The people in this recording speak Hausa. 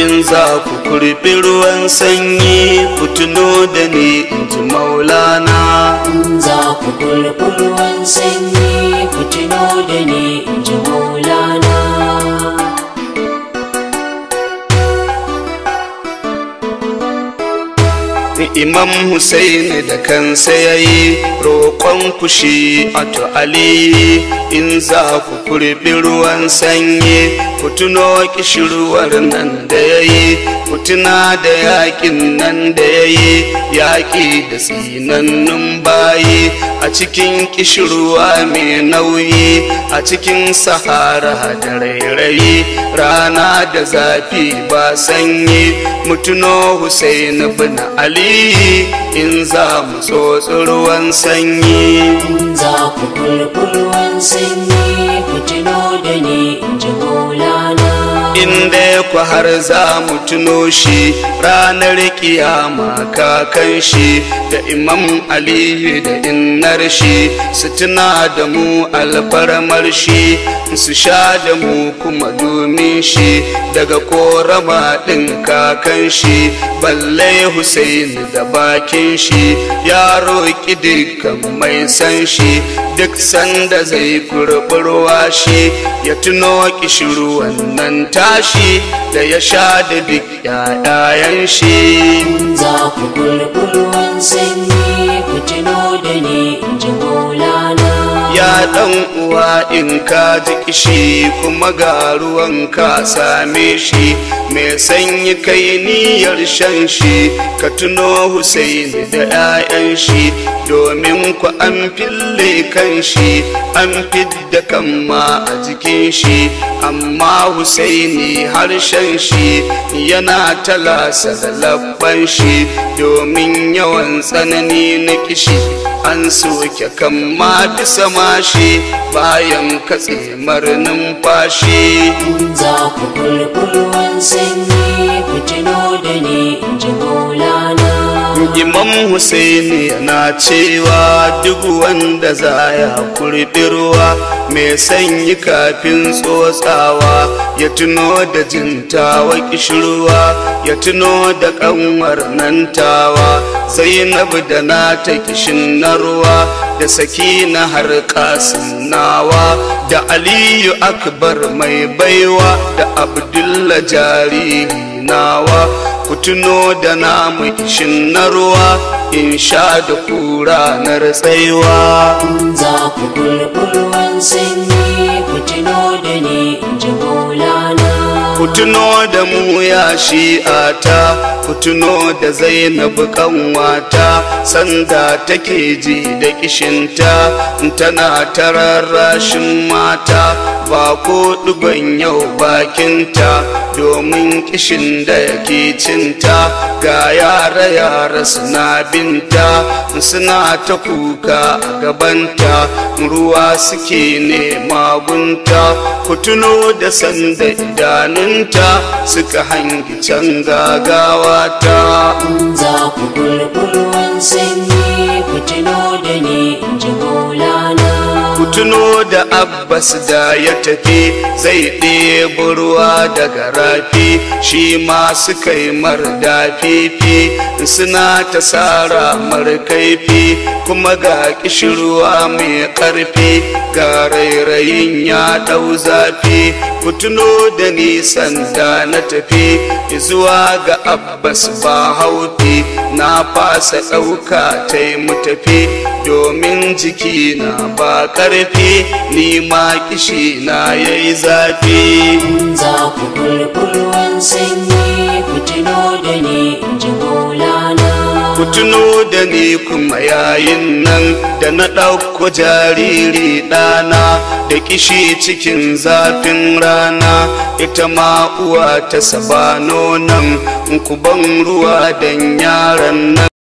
in za ku kurbi ruwan sanyi ku tuno da ni in ji maulana ruwan sanyi ku tuno da ni imam Hussaini da kansa yayi roƙon kushi a Ali in za ku kurbi ruwan sanyi ku tuno kishirwar nan da ya yi ku tuna da yakin nan da ya yi yaƙi da sinannun bayi a cikin kishirwa mai nauyi a cikin sahara da rairayi rana da zafi ba sanyi mutuno husaini bin aliyu in za mu tsotsi ruwan sanyi in za ku kurkurwan sanyi ku tuno da ni in ji in dai ku har za mu tuno shi ranar kiyama kakan shi da imam aliyu da innar shi su tuna da mu alfarmar shi su sha da mu kuma domin shi daga korama ɗin kakan shi balle Hussein da bakin shi ya roƙi dukkan mai san shi duk sanda zai kurɓurwa shi ya tuno kishiru wannan tashi da ya sha da duk yayan shi za ku sanyi ku tuno da ni in ji maulana ya dan uwa in ka ji kishi kuma ga ruwan ka same shi mai sanyi kai niyyar shan shi ka tuno Husaini da 'ya'yan shi domin ku an fille kan shi an fidda kan ma a jikin shi amma husaini harshen shi yana talasa da labban shi domin yawan tsanani na kishi an soke kan ma bisa mashi bayan katse marnin fashi za ku sanyi ku husaini na cewa duk wanda zaya ya mai sanyi kafin tsotsawa ya tuno da jintawa kishirwa ya tuno da ƙanwar nantawa zainabu da na ta kishin da sakina har kasin nawa da aliyu akbar mai baiwa da Abdullah jari nawa ku tuno da namu kishin narwa in sha da ranar tsaiwa za ku bulbulwan sanyi ku Kutuno da mu ya shi'ata kutuno da Zainab kanwata sanda take ji da kishinta tana tararrashin mata ba ko duban yau bakinta domin kishin da yake cinta ga yara yara suna binta suna ta kuka a gabanta ruwa suke ne magunta kutuno da sanda idanun gwaninta suka hangi can gagawa ta za ku gulgulwan sanyi ku tuno da ni in ji maulana ku tuno da abbas da ya tafi zai ɗaya ruwa daga rafi shi ma suka yi mar da fifi suna ta sara mar kaifi kuma ga kishirwa mai ƙarfi ga rairayin ya ɗau zafi ku tuno da nisan da na tafi zuwa ga abbas ba hauti na fasa ɗauka ta mu tafi domin jiki na ba ƙarfi ni ma kishi na ya yi zafi za ku sanyi ku tuno da ni tuno da ni kuma yayin nan da na ɗauko jariri ɗana da kishi cikin zafin rana ita ma uwa ta sabano nan ban ruwa don yaran nan